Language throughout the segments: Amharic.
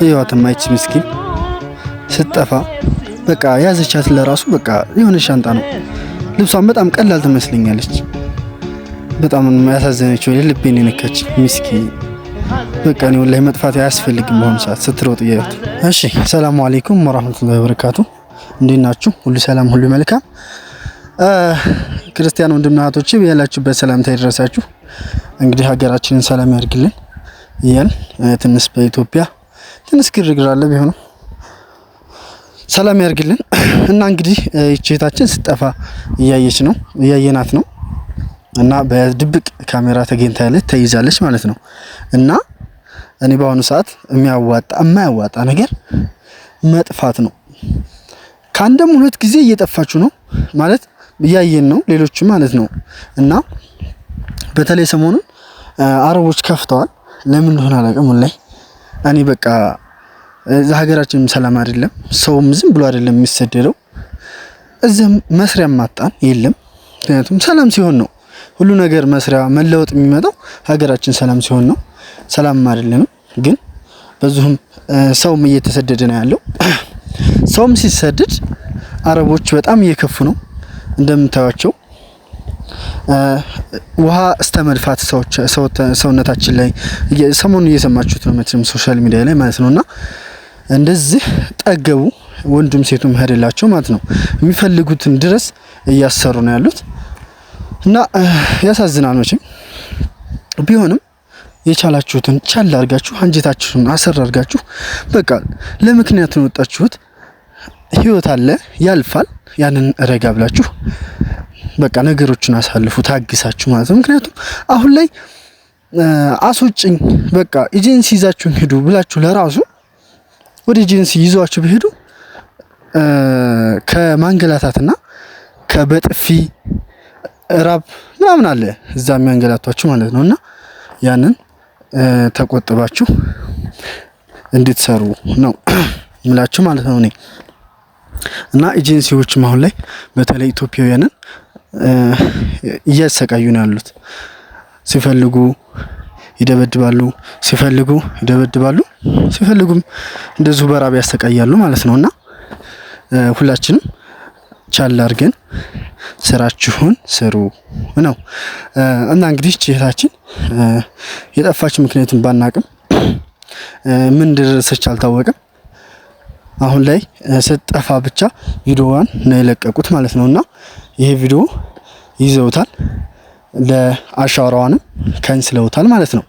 ህይወትማ ይች ምስኪን ስትጠፋ በቃ ያዘቻት ለራሱ በቃ የሆነ ሻንጣ ነው። ልብሷን በጣም ቀላል ትመስለኛለች። በጣም ያሳዘነችው ልቤን የነካች ምስኪን በቃ እኔ ወላሂ መጥፋት አያስፈልግም። በአሁኑ ሰዓት ስትሮጥ እያዩት። እሺ ሰላሙ አለይኩም ወራህመቱላሂ ወበረካቱ። እንዴት ናችሁ? ሁሉ ሰላም፣ ሁሉ መልካም። ክርስቲያን ወንድምና እህቶቼ ያላችሁበት ሰላምታ እንግዲህ ሀገራችንን ሰላም ያድርግልን። እያል ትንሽ በኢትዮጵያ ትንሽ ግርግር አለ ቢሆንም ሰላም ያርግልን እና እንግዲህ ይቼታችን ስጠፋ እያየች ነው እያየናት ነው እና በድብቅ ካሜራ ተገኝታ ያለች ተይዛለች ማለት ነው። እና እኔ በአሁኑ ሰዓት የሚያዋጣ የማያዋጣ ነገር መጥፋት ነው። ከአንድም ሁለት ጊዜ እየጠፋችሁ ነው ማለት እያየን ነው ሌሎችም ማለት ነው። እና በተለይ ሰሞኑን አረቦች ከፍተዋል ለምን እንደሆነ አላውቅም። ላይ እኔ በቃ እዛ ሀገራችንም ሰላም አይደለም፣ ሰውም ዝም ብሎ አይደለም የሚሰደደው። እዚህም መስሪያ ማጣን የለም። ምክንያቱም ሰላም ሲሆን ነው ሁሉ ነገር መስሪያ መለወጥ የሚመጣው ሀገራችን ሰላም ሲሆን ነው። ሰላም አይደለንም፣ ግን በዚሁም ሰውም እየተሰደደ ነው ያለው። ሰውም ሲሰደድ አረቦች በጣም እየከፉ ነው እንደምታዩቸው ውሃ እስተ መድፋት ሰውነታችን ላይ ሰሞኑን እየሰማችሁት ነው መቼም ሶሻል ሚዲያ ላይ ማለት ነው እና እንደዚህ ጠገቡ ወንዱም ሴቱም ሄደላቸው ማለት ነው። የሚፈልጉትን ድረስ እያሰሩ ነው ያሉት እና ያሳዝናል መቼም ቢሆንም የቻላችሁትን ቻል አድርጋችሁ አንጀታችሁን አሰር አርጋችሁ በቃ ለምክንያት ነው ወጣችሁት ህይወት አለ ያልፋል። ያንን ረጋ ብላችሁ በቃ ነገሮችን አሳልፉ ታግሳችሁ ማለት ነው። ምክንያቱም አሁን ላይ አስወጭኝ በቃ ኤጀንሲ ይዛችሁ ሄዱ ብላችሁ ለራሱ ወደ ኤጀንሲ ይዘዋችሁ ቢሄዱ ከማንገላታትና ከበጥፊ ራብ ምናምን አለ እዛ የሚያንገላቷችሁ ማለት ነው። እና ያንን ተቆጥባችሁ እንድትሰሩ ነው ምላችሁ ማለት ነው እኔ እና ኤጀንሲዎችም አሁን ላይ በተለይ ኢትዮጵያውያንን እያሰቃዩ ነው ያሉት። ሲፈልጉ ይደበድባሉ፣ ሲፈልጉ ይደበድባሉ፣ ሲፈልጉም እንደዚሁ በራብ ያሰቃያሉ ማለት ነው እና ሁላችንም ቻል አድርገን ስራችሁን ስሩ ነው እና እንግዲህ ችህታችን የጠፋች ምክንያቱን ባናቅም ምን ደረሰች አልታወቀም። አሁን ላይ ስትጠፋ ብቻ ቪዲዮዋን ነው የለቀቁት ማለት ነው። እና ይሄ ቪዲዮ ይዘውታል፣ ለአሻራዋንም ከንስለውታል ማለት ነው።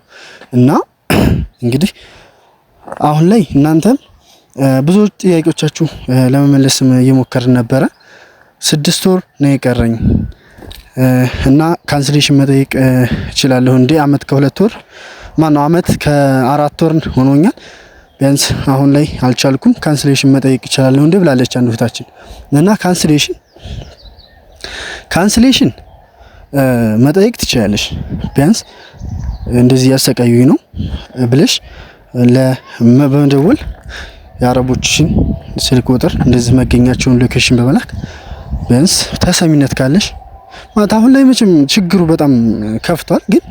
እና እንግዲህ አሁን ላይ እናንተም ብዙ ጥያቄዎቻችሁ ለመመለስም እየሞከርን ነበረ። ስድስት ወር ነው የቀረኝ እና ካንስሌሽን መጠየቅ እችላለሁ እንዴ? አመት ከሁለት ወር ማነው አመት ከአራት ወር ሆኖኛል ቢያንስ አሁን ላይ አልቻልኩም ካንስሌሽን መጠየቅ ይችላለሁ እንዴ ብላለች አንዱ እህታችን እና ካንስሌሽን ካንስሌሽን መጠየቅ ትችላለች። ቢያንስ እንደዚህ ያሰቃዩኝ ነው ብለሽ በመደወል የአረቦችሽን ስልክ ቁጥር እንደዚህ መገኛቸውን ሎኬሽን በመላክ ቢያንስ ተሰሚነት ካለሽ ማለት አሁን ላይ መቼም ችግሩ በጣም ከፍቷል፣ ግን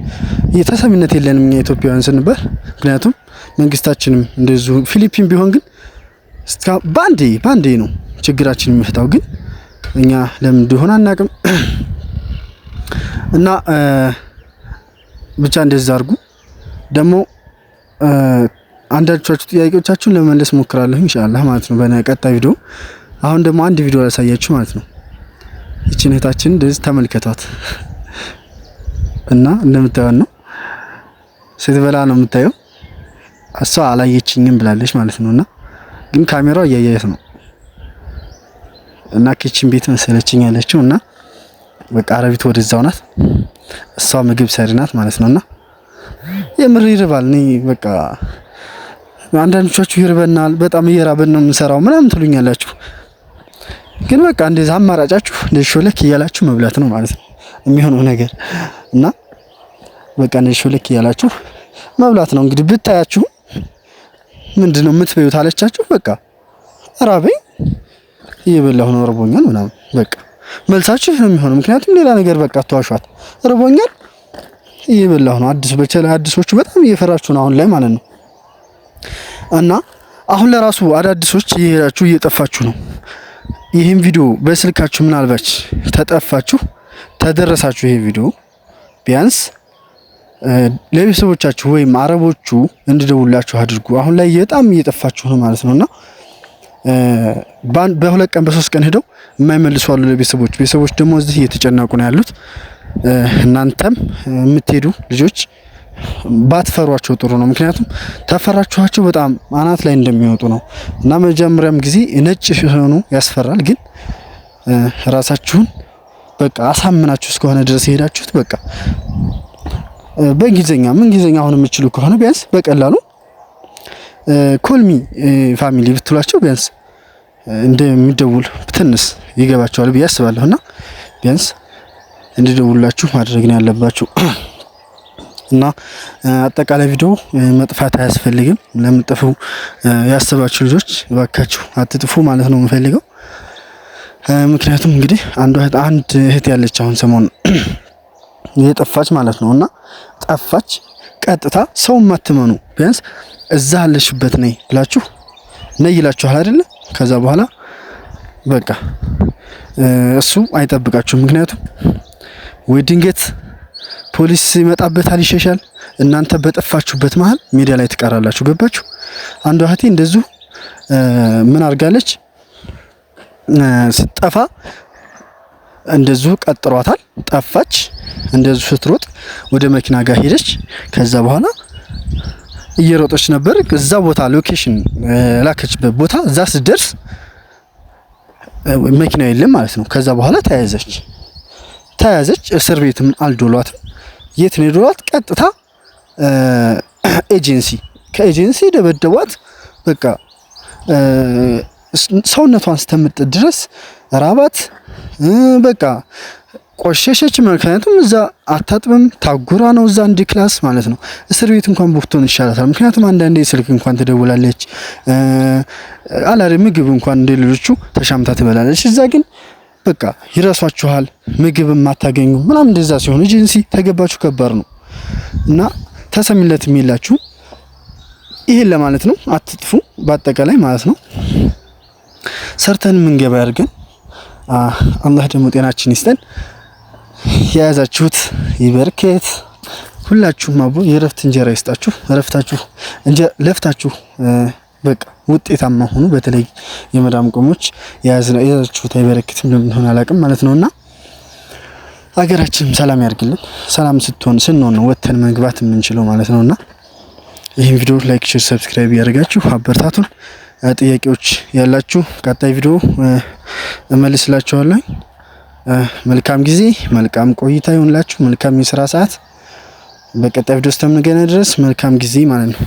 ተሰሚነት የለንም እኛ ኢትዮጵያውያን ስንባል ምክንያቱም መንግስታችንም እንደዚሁ። ፊሊፒን ቢሆን ግን ባንዴ ባንዴ ነው ችግራችን የሚፈታው፣ ግን እኛ ለምን እንደሆነ አናቅም። እና ብቻ እንደዛ አድርጉ። ደግሞ አንዳንዶቻችሁ ጥያቄዎቻችሁን ለመመለስ ሞክራለሁ ኢንሻአላህ ማለት ነው በቀጣይ ቪዲዮ። አሁን ደግሞ አንድ ቪዲዮ ላሳያችሁ ማለት ነው። ይችን እህታችን እንደዚህ ተመልከቷት እና እንደምታዩት ነው ስትበላ ነው የምታየው። እሷ አላየችኝም ብላለች ማለት ነው። እና ግን ካሜራው እያያየት ነው እና ኪችን ቤት መሰለችኝ ያለችው እና በቃ አረቢት ወደዛው ናት። እሷ ምግብ ሰሪ ናት ማለት ነውና የምር ይርባል። እኔ በቃ አንዳንዶቻችሁ ይርበናል፣ በጣም እየራበን ነው የምንሰራው ምናምን ትሉኛላችሁ። ግን በቃ እንደዛ አማራጫችሁ ለሾለክ ሾለክ እያላችሁ መብላት ነው ማለት ነው የሚሆነው ነገር እና በቃ ለሾለክ ሾለክ እያላችሁ መብላት ነው እንግዲህ ብታያችሁ ምንድን ነው የምትበዩት አለቻቸው። በቃ ራበኝ እየበላሁ ነው እርቦኛል ምናምን በቃ መልሳችሁ ነው የሚሆነው። ምክንያቱም ሌላ ነገር በቃ ተዋሿት እርቦኛል እየበላሁ ነው። አዲስ በተለይ አዲሶቹ በጣም እየፈራችሁ ነው አሁን ላይ ማለት ነው። እና አሁን ለራሱ አዳዲሶች እየሄዳችሁ እየጠፋችሁ ነው። ይህም ቪዲዮ በስልካችሁ ምናልባች ተጠፋችሁ ተደረሳችሁ ይሄ ቪዲዮ ቢያንስ ለቤተሰቦቻችሁ ወይም አረቦቹ እንዲደውላችሁ አድርጉ። አሁን ላይ በጣም እየጠፋችሁ ነው ማለት ነውና በሁለት ቀን በሶስት ቀን ሄደው የማይመልሱ አሉ ለቤተሰቦች። ቤተሰቦች ደግሞ እዚህ እየተጨናቁ ነው ያሉት። እናንተም የምትሄዱ ልጆች ባትፈሯቸው ጥሩ ነው። ምክንያቱም ተፈራችኋቸው በጣም አናት ላይ እንደሚወጡ ነው እና መጀመሪያም ጊዜ ነጭ ሲሆኑ ያስፈራል። ግን ራሳችሁን በቃ አሳምናችሁ እስከሆነ ድረስ የሄዳችሁት በቃ በእንግሊዝኛ እንግሊዝኛ አሁን የምችሉ ከሆነ ቢያንስ በቀላሉ ኮልሚ ፋሚሊ ብትሏቸው ቢያንስ እንደሚደውል ትንስ ይገባቸዋል ብዬ አስባለሁ። እና ቢያንስ እንዲደውላችሁ ማድረግ ነው ያለባችሁ። እና አጠቃላይ ቪዲዮ መጥፋት አያስፈልግም። ለምጥፉ ያሰባችሁ ልጆች እባካችሁ አትጥፉ ማለት ነው የምፈልገው። ምክንያቱም እንግዲህ አንድ እህት ያለች አሁን ሰሞኑን የጠፋች ማለት ነው እና ጠፋች። ቀጥታ ሰው ማትመኑ ቢያንስ እዛ አለሽበት ነይ ብላችሁ ነይ ይላችኋል አይደለ? ከዛ በኋላ በቃ እሱ አይጠብቃችሁም። ምክንያቱም ወይ ድንገት ፖሊስ ይመጣበታል፣ ይሸሻል። እናንተ በጠፋችሁበት መሀል ሜዳ ላይ ትቀራላችሁ። ገባችሁ? አንዷ እህቴ እንደዚሁ ምን አድርጋለች? ስትጠፋ እንደዚሁ ቀጥሯታል። ጠፋች። እንደዚሁ ስትሮጥ ወደ መኪና ጋር ሄደች። ከዛ በኋላ እየሮጠች ነበር። እዛ ቦታ ሎኬሽን ላከችበት ቦታ እዛ ስትደርስ መኪና የለም ማለት ነው። ከዛ በኋላ ተያዘች። ተያዘች። እስር ቤትም አልዶሏትም። የት ነው የዶሏት? ቀጥታ ኤጀንሲ። ከኤጀንሲ ደበደቧት። በቃ ሰውነቷን ስተምጥ ድረስ ራባት በቃ ቆሸሸች። ምክንያቱም እዛ አታጥብም ታጉራ ነው እዛ አንድ ክላስ ማለት ነው። እስር ቤት እንኳን ብትሆን ይሻላታል። ምክንያቱም አንዳንዴ ስልክ እንኳን ትደውላለች፣ አላሪ ምግብ እንኳን እንደ ልጆቹ ተሻምታ ትበላለች። እዛ ግን በቃ ይረሷችኋል፣ ምግብ ማታገኙ ምናም እንደዛ ሲሆን ኤጀንሲ ተገባችሁ ከባድ ነው እና ተሰሚለት የሚላችሁ ይሄን ለማለት ነው። አትጥፉ፣ በአጠቃላይ ማለት ነው። ሰርተን ምንገባ ያርገን አላህ ደግሞ ጤናችን ይስጠን። የያዛችሁት ይበርከት። ሁላችሁም አቡ የእረፍት እንጀራ ይስጣችሁ። እረፍታችሁ ለፍታችሁ በቃ ውጤታማ ሆኑ። በተለይ የመዳም ቆሞች የያዛችሁት አይበረክትም ለምንሆን አላውቅም ማለት ነውና ሀገራችንም ሰላም ያርግልን። ሰላም ስትሆን ስንሆን ነው ወተን መግባት የምንችለው ማለት ነውና ይህን ቪዲዮ ላይክ፣ ሼር፣ ሰብስክራይብ ያደርጋችሁ አበርታቱን። ጥያቄዎች ያላችሁ ቀጣይ ቪዲዮ እመልስላችኋለሁ። መልካም ጊዜ፣ መልካም ቆይታ ይሁንላችሁ። መልካም የስራ ሰዓት። በቀጣይ ቪዲዮ እስከምንገናኝ ድረስ መልካም ጊዜ ማለት ነው።